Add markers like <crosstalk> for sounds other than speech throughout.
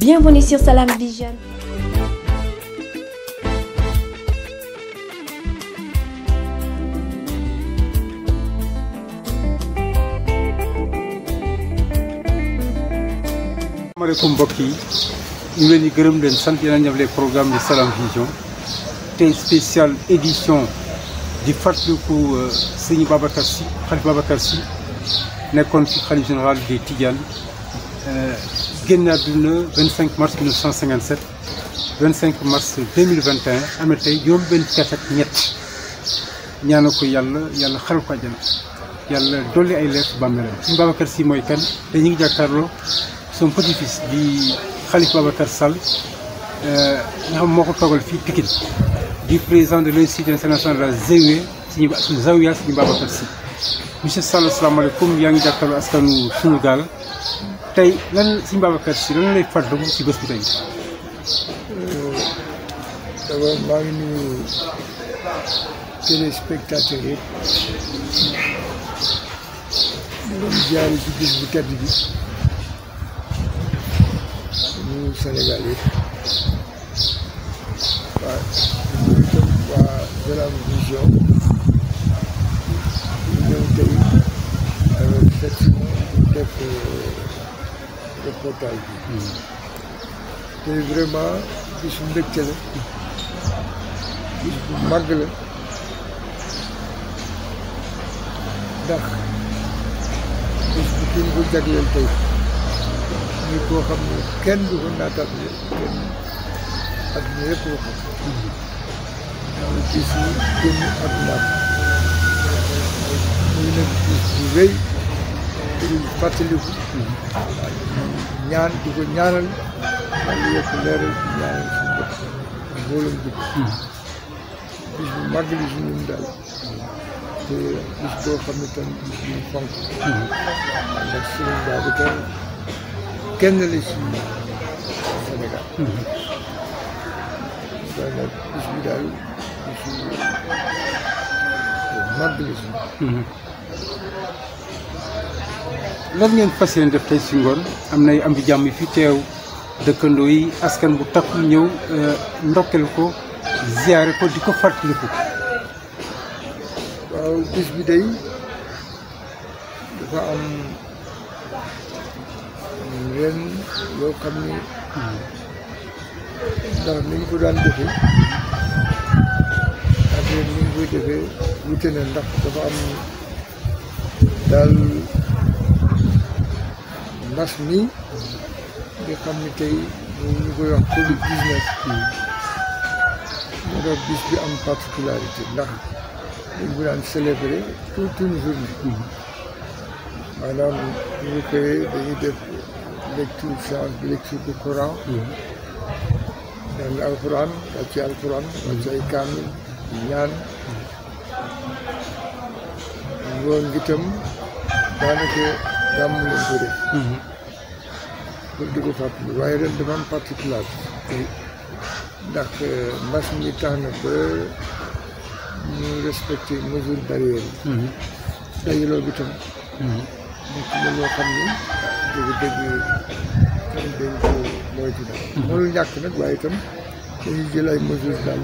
Bienvenue sur Salam Vision. asalaamaaleykum mbokk yi ñu leen di gërëm leen sant yéen a ñëw les programmes de Salam Vision tey spéciale édition di fàttaliku euh, sëñ Babacar Sy xalif Babacar Sy nekkoon ci xalif général des Tidianes Euh, génn àdduna 25 mars 1957 25 mars 2021 am na tey juróom benn fukk ak ñett ñaana ko yàlla yàlla xaral ko àjjana yàlla dolli ay leer bàmmeelam suñu Babacar Sy mooy kan te ñu ngi jàkkaarloo son petit-fils di Khalifa Babacar Sall euh, nga xam moo ko toogal fii Pikine di président de l'Institut international de la Zawiya suñu Zawiya suñu Babacar Sy monsieur Sall asalaamaaleykum yaa ngi jàkkaarloo askanu sunu gaal tey lan Sëñ Babacar Si lan lay fàttaliku ci bés bu tey. Euh, d'abord maa ngi nuyu téléspectateur yëpp di leen jaaree ci bés bu tedd bi nuyu Sénégal yëpp mbootaay bi tey vraiment bis mbégte la bis bu màgg la ndax bis bu kiñ koo xam ne kenn du ko naataat ne kenn ak ñu yëpp la ko mooy bis yi muy nag bis bu di fàttaliku ñaan di ko ñaanal yàlla yokk leeral di ñaanal suñu bopp mbooloom jëpp bis bu màgg li si ñun daal te bis boo xam ne tam bis bu fonk ndax Sëriñ Babacar kenn la si Sénégal da nag bis bi daal bis bu màgg la si lan ngeen fas yéene def tey si ngoon am nay am di jàmm yi fi teew dëkkandoo yi askan bu takku ñëw euh, ndokkeel ko ziyaare ko di ko fàttaliku. waaw bis bi day dafa am ren yoo xam ni ndax ni ñu ko daan defee ak ni ñu koy defee wute na ndax dafa am daal. mbas nga xam ni tey ñu koy wax Covid 19 bii moo tax bis bi am particularité ndax dañ ko daan célébrer toute une journée maanaam bu ñu xëyee dañuy def lecture séance bi lecture du Coran jàng alquran wàcce alquran wàcce ay kaamil ñaan ngoon gi tam daa moom lañ ko def pour di ko fàttali waaye ren dafa ndax eh, mbas mi tax na ba ñu respecté mesure barrière yi mhm. dajaloo bi tam mhm. nekk na loo xam ne dëgg dëgg tam dañ ko moytu daal mënul mhm. ñàkk nag waaye itam dañuy jël ay mesure daal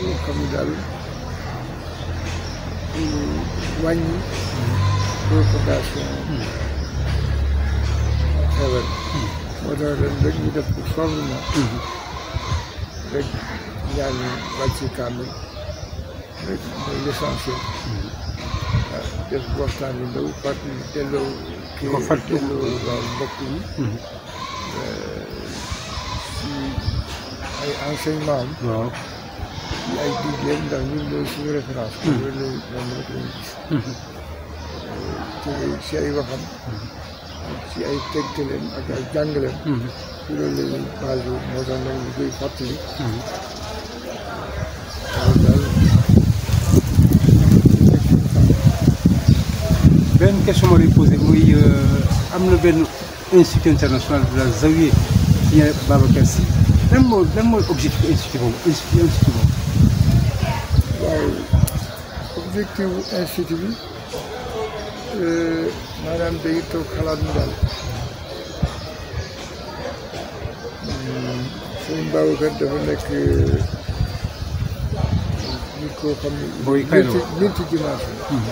loo xam ne daal euh, wàññi potassium feebar moo tax def bu sonn na rek ñaan wàcc kaamil rek mooy l'essentiel waaw def waxtaan bi ndaw fàttali delloo kii delloo waaw mbokk ay enseignement am waaw si ay digleem ndax ñun loolu suñu référence ci ay waxam ci ay tegtaleen ak ay jàngaleen hmm. ci loolu la ñuy basé wu moo tax nag ñu koy fàttali hmm. benn question ma lay posé muy euh, am na benn institut international de la Zawiya ci Babacar Sy lan moo lan mooy objectif institut boobu institut institut boobu waaw objectif institut bi maanaam day toog xalaat mu daal hmm, sëñ Babacar dafa nekk euh, nit koo xam ne. booy kaay la minti dimension. Hmm.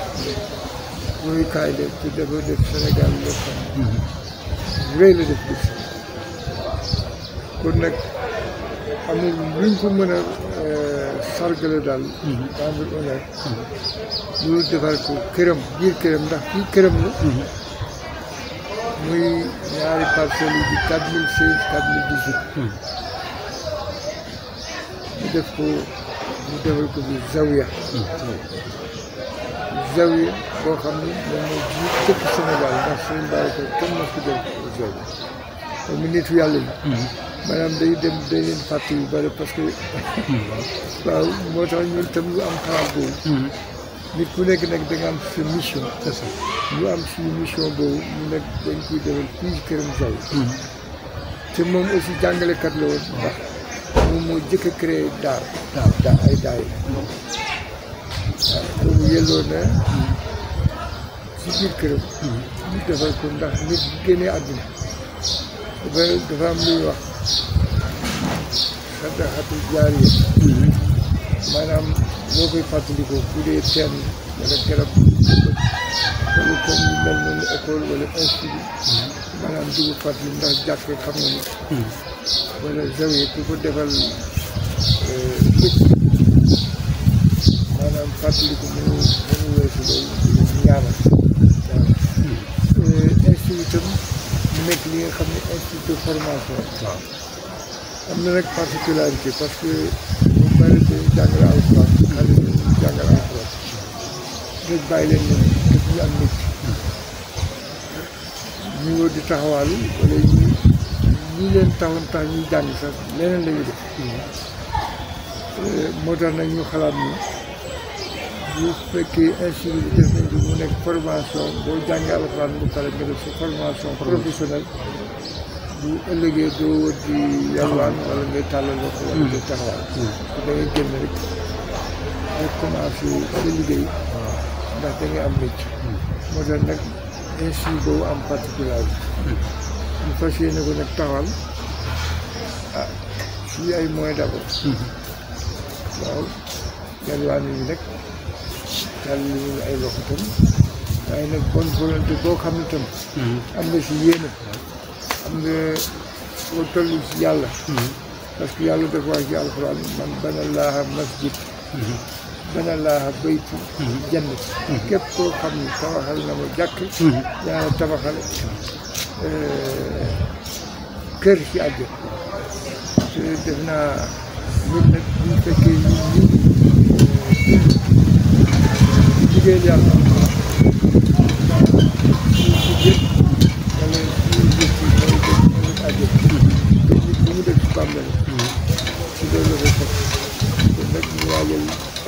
booy kaay la te dafa def Sénégal loo xam ne. Hmm. rëy la def gis. kon nag amul luñ ko mën a. sargale daal Kamil Omer loolu defar ko këram biir këram ndax fii këram muy ñaari parcelles yi di quatre mille seize quatre mille dix-huit mu def ko bi zawiya zawiya xam ne moom mooy jiit képp Sénégal ndax suñu mbaare ko kenn mos ko def zawiya mu nitu yàlla yi maanaam day dem day leen fàtte yu bari parce que <laughs> waaw moo tax ñun tam ñu am xalaat boobu hmm. nit ku nekk nag da nga am sa mission ñu am boobu ñu nekk dañ koy defal fii këram hmm. saw te moom aussi jàngalekat la woon ndax hmm. moom moo jëkk a créé daar ay daay waaw boobu na ci biir këram ñu defal ko ndax nit génnee àdduna dafa dafa am luy wax sadaqatul jaariya maanaam boo koy fàttaliku bu dee teen wala garab wala comme lu mel noonu école wala institut maanaam di ko fàttali ndax jàkkee xam nga ni wala zawiya ku ko defal eh, dëkk maanaam fàttaliku mënu mënu weesu loolu ñaanal eh, institut tam mu nekk li nga xam ne institut de formation am na nag particularité parce que bu bari de jàngale alxuraan xale yi jàngale alxuraan rek bàyyi leen ñu jàng la euh, xalaat ni bu fekkee mu nekk formation boo jàngee alxuraan bu pare nga def sa formation professionnelle bu ëllëgee doo wër di yalwaan wala ngay tàllal loxo wala ngay hmm. taxawal da ngay hmm. génn rek rek commencé sa liggéey hmm. ndax da am mécc moo tax nag institut boobu am particularité ñu fas yéene ko nag taxawal si ah, ay moyens d'abord waaw yalwaan yi nag tàllal ñu ay loxo tam waaye nag bonne volonté boo xam ne tam am na si yéene xam nga soo toll ci yàlla mhm. parce que yàlla dafa wax ci alxuraan man bana laaha masjid mhm. bana laaha baytu mhm. jannat képp koo xam ne tabaxal na ma jàkk daana tabaxal euh, kër ci àjjana te def naa ñun nag buñ fekkee ñun ñu euh, liggéeyal yàlla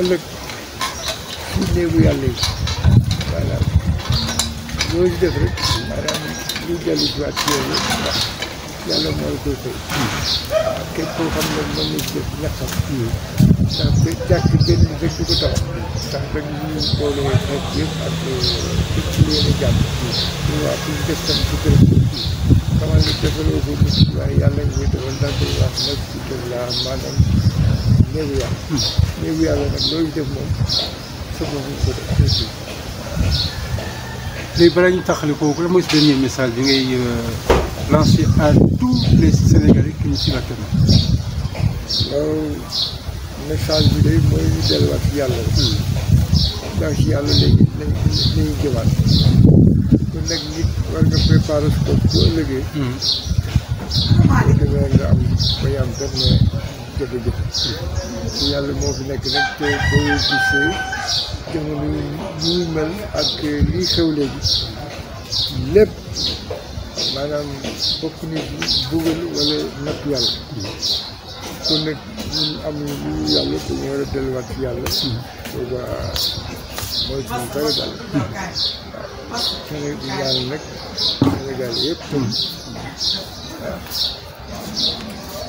ëllëg ci néegu yàlla yi voilà loo ci def rek maanaam lu jëli ci waat ci yow ndax yàlla moo la koy fay waaw képp koo xam ne mën na ci def ñàkkam ndax ba jàkk benn rek du ko tabax ndax rek ñu boole xeet yëpp ak euh, képp ci leen a jàpp ñu waa kuñ def tam ci kër xamal ne defaloo ko nit waaye yàlla ñu koy defal ndax day wax nag ci kër laa maanaam néegu yàlla. néegu yàlla nag loolu def moom sa bopp ko def. léegi balaa ñu taxale kooku la mooy si dernier message bi ngay euh, lancer à tous les Sénégalais qui nous suivent actuellement. waaw message bi de mooy ñu delluwaat ci yàlla la. Hmm. ndax ci yàlla léegi nañu nañu jëwaat. kon nag nit war nga préparer su ko boo ëllëgee. bu hmm. demee nga am ba yàlla def jëfe jëf yàlla moo fi nekk nag te boo gisee jamono yi ñuy mel ak lii xew léegi lépp maanaam bokk nit ñi bugal wala natt yàlla kon nag ñun am lu yàlla te ñu war a delluwaat ci yàlla mooy suñu dara daal waaw su nag Sénégal yëpp waaw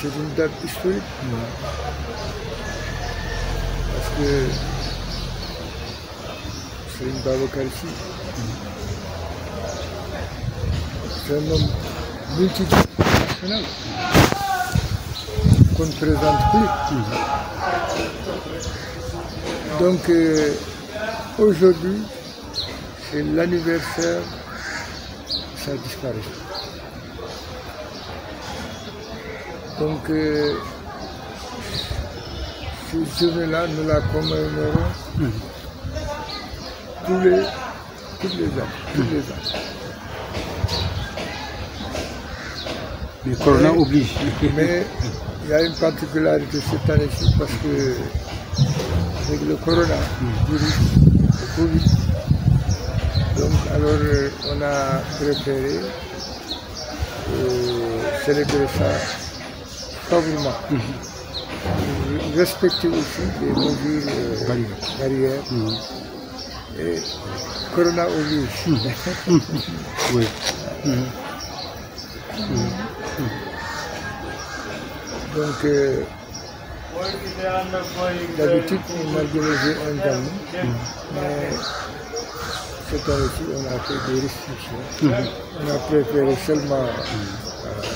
c'est une date historique pour moi. Parce que c'est une Babacar C'est un homme multidimensionnel qu'on ne présente plus. Donc aujourd'hui, c'est l'anniversaire de sa Donc, euh, cette journée-là, nous la commémorons mm les, tous les mmh. les ans. Mais Corona oblige. mais <laughs> il y a une particularité cette année-ci parce que avec le Corona, mm. le Covid, donc alors euh, on a préféré euh, célébrer ça faiblement. Mhm. respecter aussi les mesures euh, barrières. Mhm. et coronavirus. Mhm. oui. donc euh, d'habitude on mais cette année-ci on a fait des restrictions. on a préféré seulement. Euh,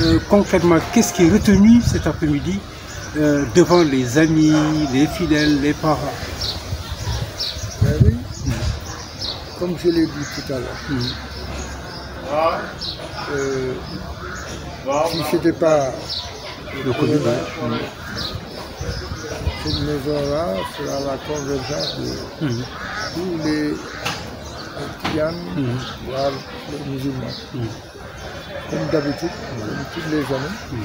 Euh, concrètement qu'est-ce qui est retenu cet après-midi euh, devant les amis, les fidèles, les parents ben oui, mmh. comme je l'ai dit tout à l'heure, mmh. euh, ah. si ce n'était pas le Covid, mmh. Euh, cette maison-là sera la convergence de mmh. tous les clients, voire mmh. les musulmans. Mmh. comme d'habitude, comme toutes les années.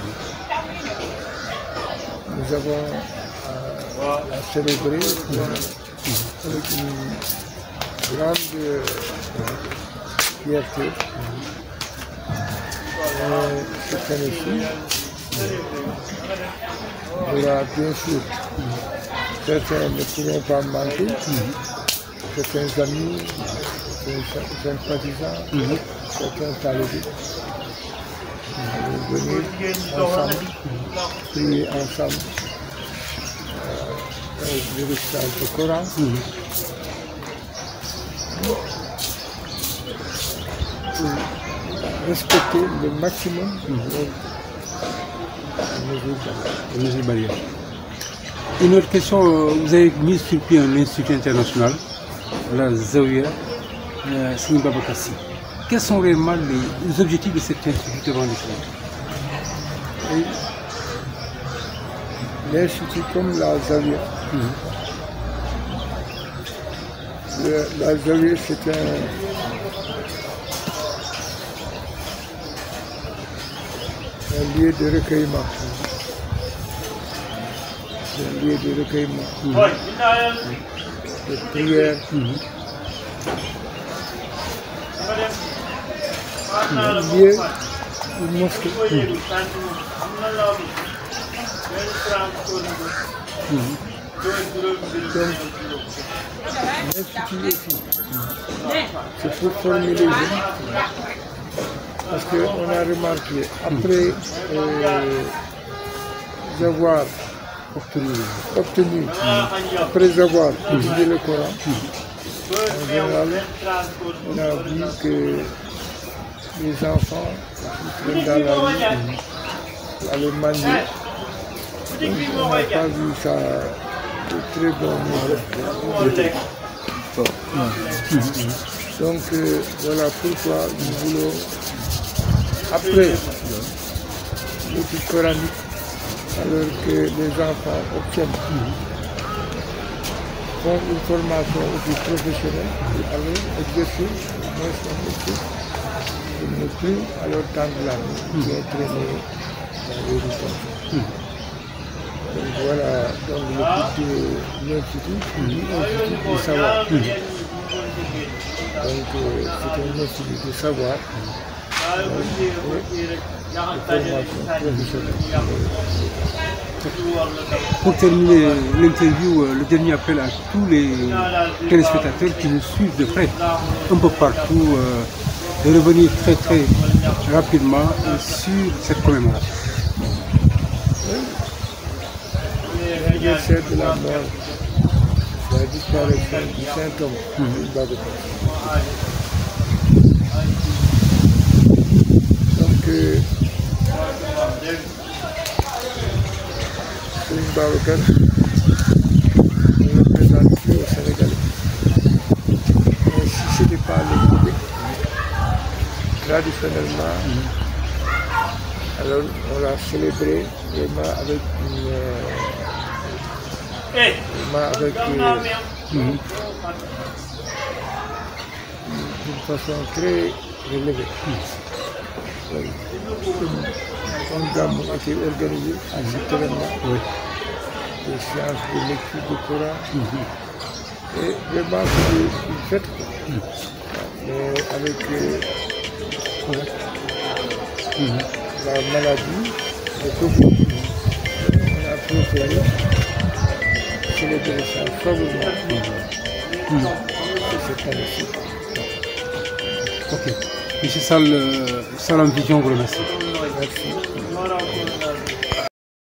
Nous avons à, euh, à célébrer avec une grande euh, fierté. Euh, cette année-ci, voilà, bien sûr, certains ne pourront pas manquer, certains amis, certains sympathisants, mhm. certains talibés. venir ensemble, prier ensemble, euh, le récital du Coran. Pour respecter le maximum les mesures barrières. Une autre question, euh, vous avez mis sur pied un institut international, la Zawiya euh, Sini Babakassi. Quels sont réellement les objectifs de cet institut devant les et comme la Zawiya. Mmh. la Zawiya, c'est un, lieu de recueillement. C'est un lieu de recueillement. Mmh. Mmh. De prière. Un lieu, une mosquée. loolu benn trente tonnes juróomi c'est pour former a remarqué après euh, avoir obtenu, après avoir étudié le Coran en on a vu que les enfants qui prennent dans la rue allé manier. n'a pas vu ça de très bon niveau. Donc, euh, voilà pourquoi nous voulons, après l'étude coranique, alors que les enfants obtiennent font une formation aussi professionnelle, alors exercer moins son métier, ne plus à temps de la vie, qui est Donc voilà, pour terminer l'interview, euh, le dernier appel à tous les téléspectateurs qui nous suivent de près, un peu partout, euh, revenir très très rapidement euh, sur cette commémoration. liggéey seet bi laa mbaal waaye disparition du symptôme duñ bàgg donc Serigne Babacar ñu représente fii au Sénégal mais si ce n'est pas le public traditionnellement alors on l'a célébré vraiment avec une combat avec euh, mm façon très relevée. Oui. gamme a été organisé en Citerna. Oui. Des de lecture du Coran. Mm -hmm. Et vraiment, c'est une fête. Mais avec euh, la maladie, le COVID, chez les PSA favorable. Mmh. C'est pas le Ok. Monsieur Salle, euh, Salam Vision vous